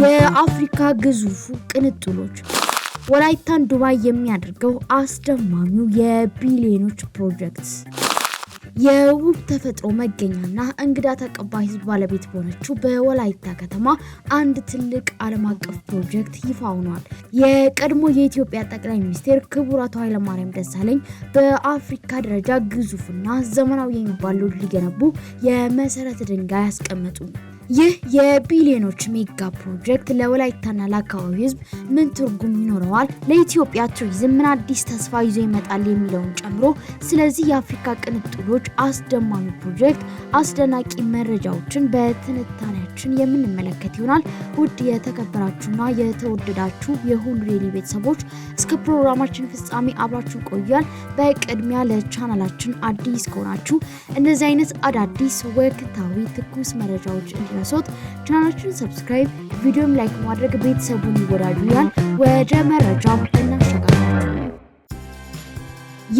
የአፍሪካ ግዙፉ ቅንጥሎች ወላይታን ዱባይ የሚያደርገው አስደማሚው የቢሊዮኖች ፕሮጀክት የውብ ተፈጥሮ መገኛና እንግዳ ተቀባይ ሕዝብ ባለቤት በሆነችው በወላይታ ከተማ አንድ ትልቅ ዓለም አቀፍ ፕሮጀክት ይፋ ሆኗል። የቀድሞ የኢትዮጵያ ጠቅላይ ሚኒስትር ክቡር አቶ ኃይለማርያም ደሳለኝ በአፍሪካ ደረጃ ግዙፍና ዘመናዊ የሚባለው ሊገነቡ የመሰረተ ድንጋይ ያስቀመጡ ነው። ይህ የቢሊዮኖች ሜጋ ፕሮጀክት ለወላይታና ለአካባቢ ህዝብ ምን ትርጉም ይኖረዋል? ለኢትዮጵያ ቱሪዝም ምን አዲስ ተስፋ ይዞ ይመጣል? የሚለውን ጨምሮ ስለዚህ የአፍሪካ ቅንጥሎች አስደማሚ ፕሮጀክት አስደናቂ መረጃዎችን በትንታኔያችን የምንመለከት ይሆናል። ውድ የተከበራችሁና የተወደዳችሁ የሁሉ ዴይሊ ቤተሰቦች እስከ ፕሮግራማችን ፍጻሜ አብራችሁ ቆያል። በቅድሚያ ለቻናላችን አዲስ ከሆናችሁ እነዚህ አይነት አዳዲስ ወቅታዊ ትኩስ መረጃዎች እንዲ እንዳይረሶት ቻናችን ሰብስክራይብ፣ ቪዲዮም ላይክ ማድረግ ቤተሰቡን ይወዳጁ። ያን ወደ መረጃም እናሸጋለን።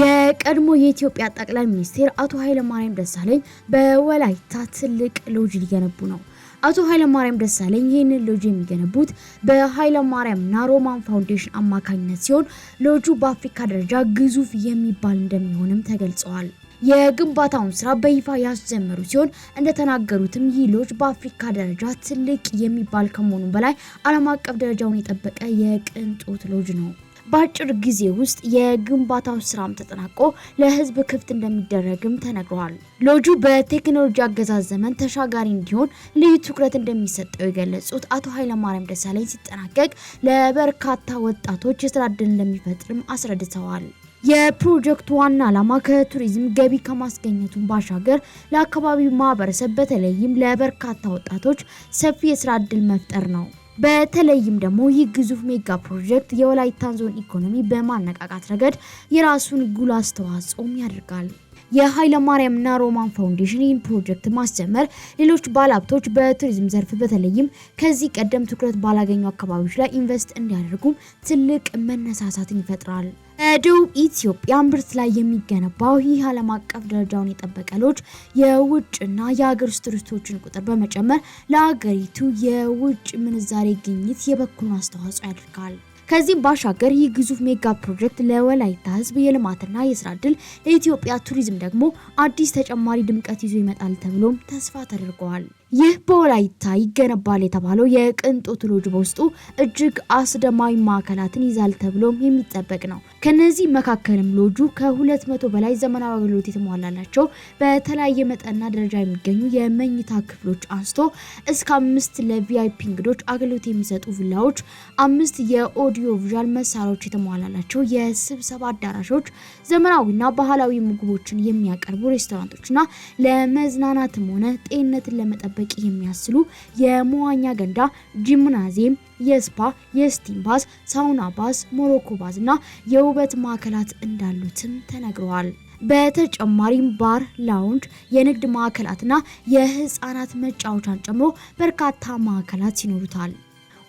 የቀድሞ የኢትዮጵያ ጠቅላይ ሚኒስትር አቶ ኃይለማርያም ደሳለኝ በወላይታ ትልቅ ሎጅ ሊገነቡ ነው። አቶ ኃይለማርያም ደሳለኝ ይህንን ሎጅ የሚገነቡት በኃይለማርያም ና ሮማን ፋውንዴሽን አማካኝነት ሲሆን ሎጁ በአፍሪካ ደረጃ ግዙፍ የሚባል እንደሚሆንም ተገልጸዋል። የግንባታውን ስራ በይፋ ያስጀመሩ ሲሆን እንደተናገሩትም ይህ ሎጅ በአፍሪካ ደረጃ ትልቅ የሚባል ከመሆኑ በላይ ዓለም አቀፍ ደረጃውን የጠበቀ የቅንጦት ሎጅ ነው። በአጭር ጊዜ ውስጥ የግንባታው ስራም ተጠናቆ ለህዝብ ክፍት እንደሚደረግም ተነግሯል። ሎጁ በቴክኖሎጂ አገዛዝ ዘመን ተሻጋሪ እንዲሆን ልዩ ትኩረት እንደሚሰጠው የገለጹት አቶ ኃይለማርያም ደሳለኝ ሲጠናቀቅ ለበርካታ ወጣቶች የስራ እድል እንደሚፈጥርም አስረድተዋል። የፕሮጀክቱ ዋና ዓላማ ከቱሪዝም ገቢ ከማስገኘቱን ባሻገር ለአካባቢው ማህበረሰብ በተለይም ለበርካታ ወጣቶች ሰፊ የስራ እድል መፍጠር ነው። በተለይም ደግሞ ይህ ግዙፍ ሜጋ ፕሮጀክት የወላይታን ዞን ኢኮኖሚ በማነቃቃት ረገድ የራሱን ጉል አስተዋጽኦም ያደርጋል። ና ሮማን ፋውንዴሽን ይህን ፕሮጀክት ማስጀመር ሌሎች ባለሀብቶች በቱሪዝም ዘርፍ በተለይም ከዚህ ቀደም ትኩረት ባላገኙ አካባቢዎች ላይ ኢንቨስት እንዲያደርጉም ትልቅ መነሳሳትን ይፈጥራል። በደቡብ ኢትዮጵያ እምብርት ላይ የሚገነባው ይህ ዓለም አቀፍ ደረጃውን የጠበቀ ሎጅ የውጭና የሀገር ውስጥ ቱሪስቶችን ቁጥር በመጨመር ለሀገሪቱ የውጭ ምንዛሬ ግኝት የበኩሉን አስተዋጽኦ ያደርጋል። ከዚህም ባሻገር ይህ ግዙፍ ሜጋ ፕሮጀክት ለወላይታ ሕዝብ የልማትና የስራ እድል፣ ለኢትዮጵያ ቱሪዝም ደግሞ አዲስ ተጨማሪ ድምቀት ይዞ ይመጣል ተብሎም ተስፋ ተደርገዋል። ይህ በወላይታ ይገነባል የተባለው የቅንጦት ሎጅ በውስጡ እጅግ አስደማዊ ማዕከላትን ይዛል ተብሎም የሚጠበቅ ነው። ከነዚህ መካከልም ሎጁ ከ200 በላይ ዘመናዊ አገልግሎት የተሟላላቸው በተለያየ መጠንና ደረጃ የሚገኙ የመኝታ ክፍሎች አንስቶ እስከ አምስት ለቪአይፒ እንግዶች አገልግሎት የሚሰጡ ቪላዎች፣ አምስት የኦዲዮ ቪዣል መሳሪያዎች የተሟላላቸው የስብሰባ አዳራሾች፣ ዘመናዊና ባህላዊ ምግቦችን የሚያቀርቡ ሬስቶራንቶችና ለመዝናናትም ሆነ ጤንነትን ለመጠበቅ በቂ የሚያስችሉ የመዋኛ ገንዳ፣ ጂምናዚየም፣ የስፓ፣ የስቲም ባዝ፣ ሳውና ባዝ፣ ሞሮኮ ባዝ እና የውበት ማዕከላት እንዳሉትም ተነግረዋል። በተጨማሪም ባር፣ ላውንጅ፣ የንግድ ማዕከላትና የህፃናት መጫወቻን ጨምሮ በርካታ ማዕከላት ይኖሩታል።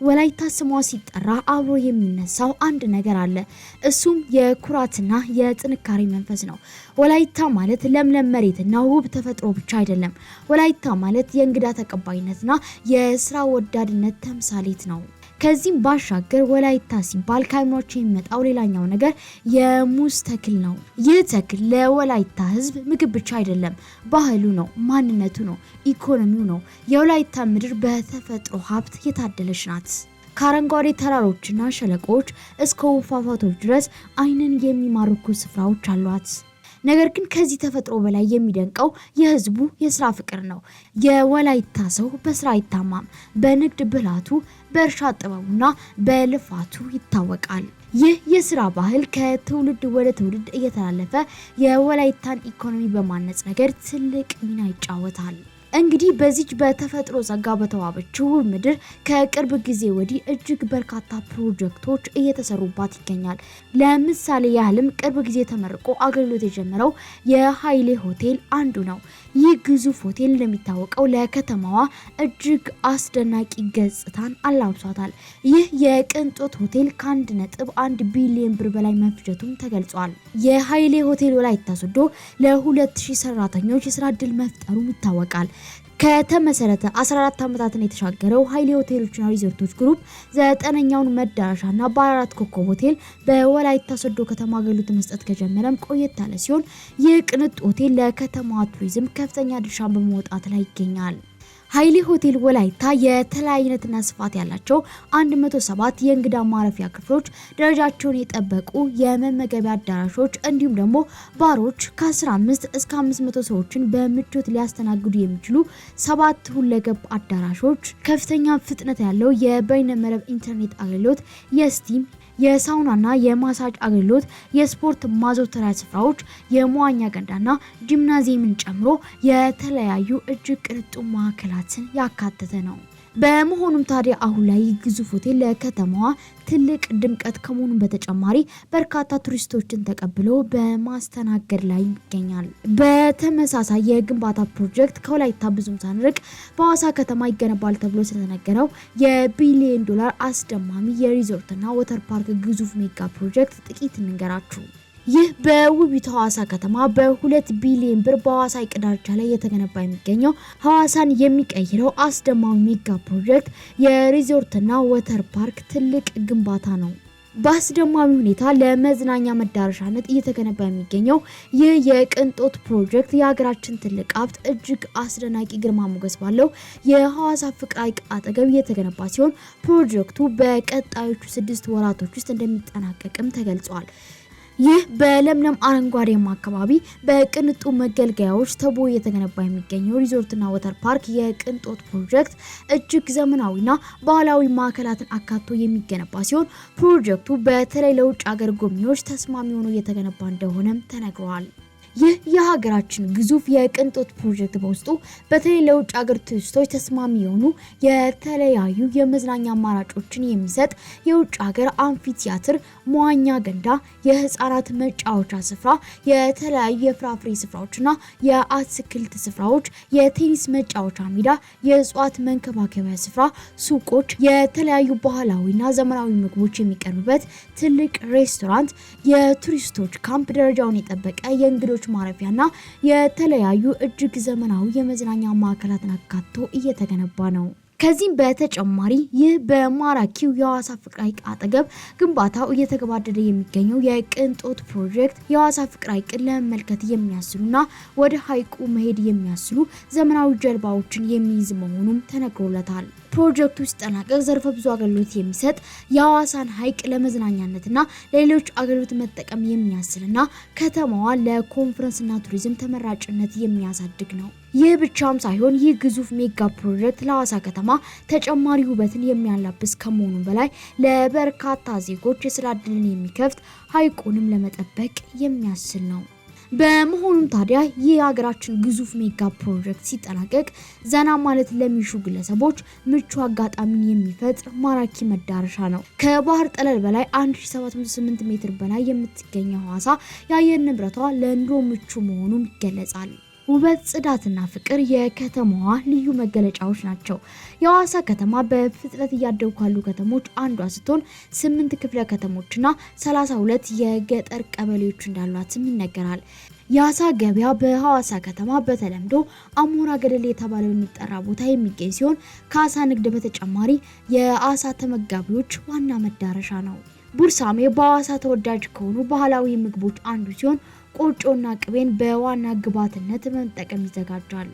ወላይታ ስሟ ሲጠራ አብሮ የሚነሳው አንድ ነገር አለ። እሱም የኩራትና የጥንካሬ መንፈስ ነው። ወላይታ ማለት ለምለም መሬትና ውብ ተፈጥሮ ብቻ አይደለም። ወላይታ ማለት የእንግዳ ተቀባይነትና የስራ ወዳድነት ተምሳሌት ነው። ከዚህም ባሻገር ወላይታ ሲባል ከአእምሯቸው የሚመጣው ሌላኛው ነገር የሙዝ ተክል ነው። ይህ ተክል ለወላይታ ህዝብ ምግብ ብቻ አይደለም፣ ባህሉ ነው፣ ማንነቱ ነው፣ ኢኮኖሚው ነው። የወላይታ ምድር በተፈጥሮ ሀብት የታደለች ናት። ከአረንጓዴ ተራሮችና ሸለቆዎች እስከ ውፏፏቶች ድረስ አይንን የሚማርኩ ስፍራዎች አሏት። ነገር ግን ከዚህ ተፈጥሮ በላይ የሚደንቀው የህዝቡ የስራ ፍቅር ነው። የወላይታ ሰው በስራ አይታማም። በንግድ ብላቱ በእርሻ ጥበቡና በልፋቱ ይታወቃል። ይህ የስራ ባህል ከትውልድ ወደ ትውልድ እየተላለፈ የወላይታን ኢኮኖሚ በማነጽ ነገር ትልቅ ሚና ይጫወታል። እንግዲህ በዚች በተፈጥሮ ጸጋ በተዋበችው ምድር ከቅርብ ጊዜ ወዲህ እጅግ በርካታ ፕሮጀክቶች እየተሰሩባት ይገኛል። ለምሳሌ ያህልም ቅርብ ጊዜ ተመርቆ አገልግሎት የጀመረው የሀይሌ ሆቴል አንዱ ነው። ይህ ግዙፍ ሆቴል እንደሚታወቀው ለከተማዋ እጅግ አስደናቂ ገጽታን አላብሷታል። ይህ የቅንጦት ሆቴል ከአንድ ነጥብ አንድ ቢሊዮን ብር በላይ መፍጀቱም ተገልጿል። የሀይሌ ሆቴል ወላይታ ሶዶ ለ2000 ሰራተኞች የስራ እድል መፍጠሩም ይታወቃል። ከተመሰረተ 14 ዓመታትን የተሻገረው ኃይሌ ሆቴሎችና ሪዞርቶች ግሩፕ ዘጠነኛውን መዳረሻና ባለአራት ኮከብ ሆቴል በወላይታ ሶዶ ከተማ አገልግሎት መስጠት ከጀመረም ቆየት ያለ ሲሆን ይህ ቅንጡ ሆቴል ለከተማዋ ቱሪዝም ከፍተኛ ድርሻን በመውጣት ላይ ይገኛል። ሀይሌ ሆቴል ወላይታ የተለያየ አይነትና ስፋት ያላቸው 107 የእንግዳ ማረፊያ ክፍሎች፣ ደረጃቸውን የጠበቁ የመመገቢያ አዳራሾች እንዲሁም ደግሞ ባሮች ከ15 እስከ 500 ሰዎችን በምቾት ሊያስተናግዱ የሚችሉ ሰባት ሁለገብ አዳራሾች፣ ከፍተኛ ፍጥነት ያለው የበይነመረብ ኢንተርኔት አገልግሎት፣ የስቲም የሳውናና የማሳጅ አገልግሎት፣ የስፖርት ማዘውተሪያ ስፍራዎች፣ የመዋኛ ገንዳና ጂምናዚየምን ጨምሮ የተለያዩ እጅግ ቅንጡ ማዕከላትን ያካተተ ነው። በመሆኑም ታዲያ አሁን ላይ ግዙፍ ሆቴል ለከተማዋ ትልቅ ድምቀት ከመሆኑ በተጨማሪ በርካታ ቱሪስቶችን ተቀብሎ በማስተናገድ ላይ ይገኛል። በተመሳሳይ የግንባታ ፕሮጀክት ከወላይታ ብዙም ሳንርቅ በዋሳ ከተማ ይገነባል ተብሎ ስለተነገረው የቢሊዮን ዶላር አስደማሚ የሪዞርትና ወተር ፓርክ ግዙፍ ሜጋ ፕሮጀክት ጥቂት እንንገራችሁ። ይህ በውቢቷ ሀዋሳ ከተማ በሁለት ቢሊዮን ብር በሀዋሳ ሐይቅ ዳርቻ ላይ የተገነባ የሚገኘው ሀዋሳን የሚቀይረው አስደማሚ ሜጋ ፕሮጀክት የሪዞርትና ወተር ፓርክ ትልቅ ግንባታ ነው። በአስደማሚ ሁኔታ ለመዝናኛ መዳረሻነት እየተገነባ የሚገኘው ይህ የቅንጦት ፕሮጀክት የሀገራችን ትልቅ ሀብት እጅግ አስደናቂ ግርማ ሞገስ ባለው የሀዋሳ ፍቅር ሐይቅ አጠገብ እየተገነባ ሲሆን ፕሮጀክቱ በቀጣዮቹ ስድስት ወራቶች ውስጥ እንደሚጠናቀቅም ተገልጿል። ይህ በለምለም አረንጓዴማ አካባቢ በቅንጡ መገልገያዎች ተቦ እየተገነባ የሚገኘው ሪዞርትና ወተር ፓርክ የቅንጦት ፕሮጀክት እጅግ ዘመናዊና ባህላዊ ማዕከላትን አካቶ የሚገነባ ሲሆን ፕሮጀክቱ በተለይ ለውጭ ሀገር ጎብኚዎች ተስማሚ ሆኖ እየተገነባ እንደሆነም ተነግሯል። ይህ የሀገራችን ግዙፍ የቅንጦት ፕሮጀክት በውስጡ በተለይ ለውጭ ሀገር ቱሪስቶች ተስማሚ የሆኑ የተለያዩ የመዝናኛ አማራጮችን የሚሰጥ የውጭ ሀገር አምፊቲያትር፣ መዋኛ ገንዳ፣ የህፃናት መጫወቻ ስፍራ፣ የተለያዩ የፍራፍሬ ስፍራዎችና የአትክልት ስፍራዎች፣ የቴኒስ መጫወቻ ሜዳ፣ የእጽዋት መንከባከቢያ ስፍራ፣ ሱቆች፣ የተለያዩ ባህላዊና ዘመናዊ ምግቦች የሚቀርቡበት ትልቅ ሬስቶራንት፣ የቱሪስቶች ካምፕ ደረጃውን የጠበቀ የእንግዶች የእንግዶች ማረፊያና የተለያዩ እጅግ ዘመናዊ የመዝናኛ ማዕከላትን አካቶ እየተገነባ ነው። ከዚህም በተጨማሪ ይህ በማራኪው የሐዋሳ ፍቅር ሐይቅ አጠገብ ግንባታው እየተገባደደ የሚገኘው የቅንጦት ፕሮጀክት የሐዋሳ ፍቅር ሐይቅን ለመመልከት የሚያስችሉና ወደ ሐይቁ መሄድ የሚያስችሉ ዘመናዊ ጀልባዎችን የሚይዝ መሆኑም ተነግሮለታል። ፕሮጀክቱ ሲጠናቀቅ ዘርፈ ብዙ አገልግሎት የሚሰጥ የሐዋሳን ሐይቅ ለመዝናኛነትና ለሌሎች አገልግሎት መጠቀም የሚያስችልና ከተማዋ ለኮንፈረንስና ቱሪዝም ተመራጭነት የሚያሳድግ ነው። ይህ ብቻም ሳይሆን ይህ ግዙፍ ሜጋ ፕሮጀክት ለሀዋሳ ከተማ ተጨማሪ ውበትን የሚያላብስ ከመሆኑ በላይ ለበርካታ ዜጎች የስራ እድልን የሚከፍት ሀይቁንም ለመጠበቅ የሚያስችል ነው። በመሆኑም ታዲያ ይህ የሀገራችን ግዙፍ ሜጋ ፕሮጀክት ሲጠናቀቅ ዘና ማለት ለሚሹ ግለሰቦች ምቹ አጋጣሚን የሚፈጥር ማራኪ መዳረሻ ነው። ከባህር ጠለል በላይ 1708 ሜትር በላይ የምትገኘው ሀዋሳ የአየር ንብረቷ ለኑሮ ምቹ መሆኑም ይገለጻል። ውበት፣ ጽዳትና ፍቅር የከተማዋ ልዩ መገለጫዎች ናቸው። የሐዋሳ ከተማ በፍጥነት እያደጉ ካሉ ከተሞች አንዷ ስትሆን ስምንት ክፍለ ከተሞችና 32 የገጠር ቀበሌዎች እንዳሏትም ይነገራል። የአሳ ገበያ በሐዋሳ ከተማ በተለምዶ አሞራ ገደል የተባለ በሚጠራ ቦታ የሚገኝ ሲሆን ከአሳ ንግድ በተጨማሪ የአሳ ተመጋቢዎች ዋና መዳረሻ ነው። ቡርሳሜ በሐዋሳ ተወዳጅ ከሆኑ ባህላዊ ምግቦች አንዱ ሲሆን ቆጮና ቅቤን በዋና ግብዓትነት መጠቀም ይዘጋጃል።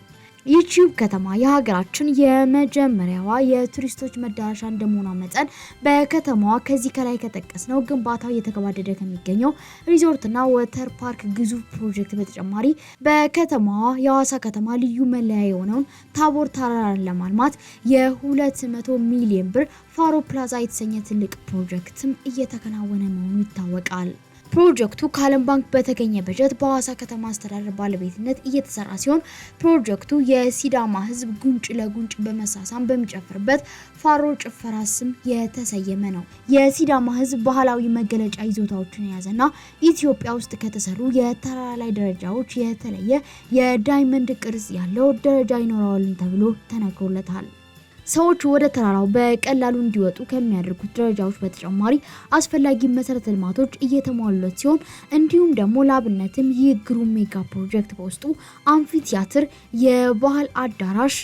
ዩቲዩብ ከተማ የሀገራችን የመጀመሪያዋ የቱሪስቶች መዳረሻ እንደመሆኗ መጠን በከተማዋ ከዚህ ከላይ ነው ግንባታው እየተገባደደ ከሚገኘው ሪዞርትና ወተር ፓርክ ግዙፍ ፕሮጀክት በተጨማሪ በከተማዋ የሀዋሳ ከተማ ልዩ መለያ የሆነውን ታቦር ተራራን ለማልማት የ200 ሚሊዮን ብር ፋሮ ፕላዛ የተሰኘ ትልቅ ፕሮጀክትም እየተከናወነ መሆኑ ይታወቃል። ፕሮጀክቱ ከዓለም ባንክ በተገኘ በጀት በሀዋሳ ከተማ አስተዳደር ባለቤትነት እየተሰራ ሲሆን ፕሮጀክቱ የሲዳማ ሕዝብ ጉንጭ ለጉንጭ በመሳሳም በሚጨፍርበት ፋሮ ጭፈራ ስም የተሰየመ ነው። የሲዳማ ሕዝብ ባህላዊ መገለጫ ይዞታዎችን የያዘና ኢትዮጵያ ውስጥ ከተሰሩ የተራራ ላይ ደረጃዎች የተለየ የዳይመንድ ቅርጽ ያለው ደረጃ ይኖረዋልን ተብሎ ተነግሮለታል። ሰዎች ወደ ተራራው በቀላሉ እንዲወጡ ከሚያደርጉት ደረጃዎች በተጨማሪ አስፈላጊ መሰረተ ልማቶች እየተሟሉለት ሲሆን እንዲሁም ደግሞ ለአብነትም ይህ ግሩም ሜጋ ፕሮጀክት በውስጡ አምፊቲያትር፣ የባህል አዳራሽ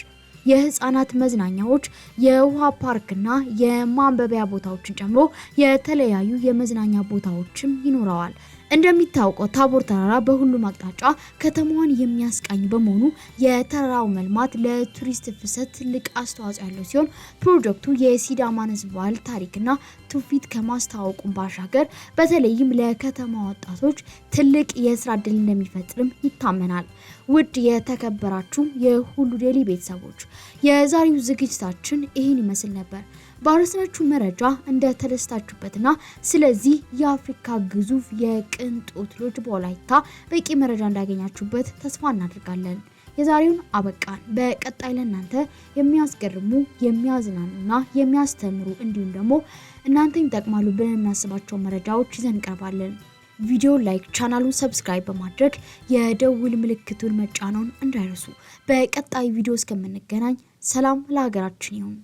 የህፃናት መዝናኛዎች፣ የውሃ ፓርክና የማንበቢያ ቦታዎችን ጨምሮ የተለያዩ የመዝናኛ ቦታዎችም ይኖረዋል። እንደሚታወቀው ታቦር ተራራ በሁሉም አቅጣጫ ከተማዋን የሚያስቃኝ በመሆኑ የተራራው መልማት ለቱሪስት ፍሰት ትልቅ አስተዋጽኦ ያለው ሲሆን ፕሮጀክቱ የሲዳማን ሕዝብ ባህል ታሪክና ትውፊት ከማስተዋወቁን ባሻገር በተለይም ለከተማ ወጣቶች ትልቅ የስራ እድል እንደሚፈጥርም ይታመናል። ውድ የተከበራችሁ የሁሉ ዴይሊ ቤተሰቦች የዛሬው ዝግጅታችን ይህን ይመስል ነበር። ባረስነቹ መረጃ እንደተደስታችሁበትና ስለዚህ የአፍሪካ ግዙፍ የቅንጦት ሎጅ በወላይታ በቂ መረጃ እንዳገኛችሁበት ተስፋ እናደርጋለን። የዛሬውን አበቃን። በቀጣይ ለእናንተ የሚያስገርሙ የሚያዝናኑና የሚያስተምሩ እንዲሁም ደግሞ እናንተን ይጠቅማሉ ብለን የሚያስባቸው መረጃዎች ይዘን እንቀርባለን። ቪዲዮ ላይክ፣ ቻናሉን ሰብስክራይብ በማድረግ የደውል ምልክቱን መጫነውን እንዳይረሱ። በቀጣይ ቪዲዮ እስከምንገናኝ ሰላም ለሀገራችን ይሁን።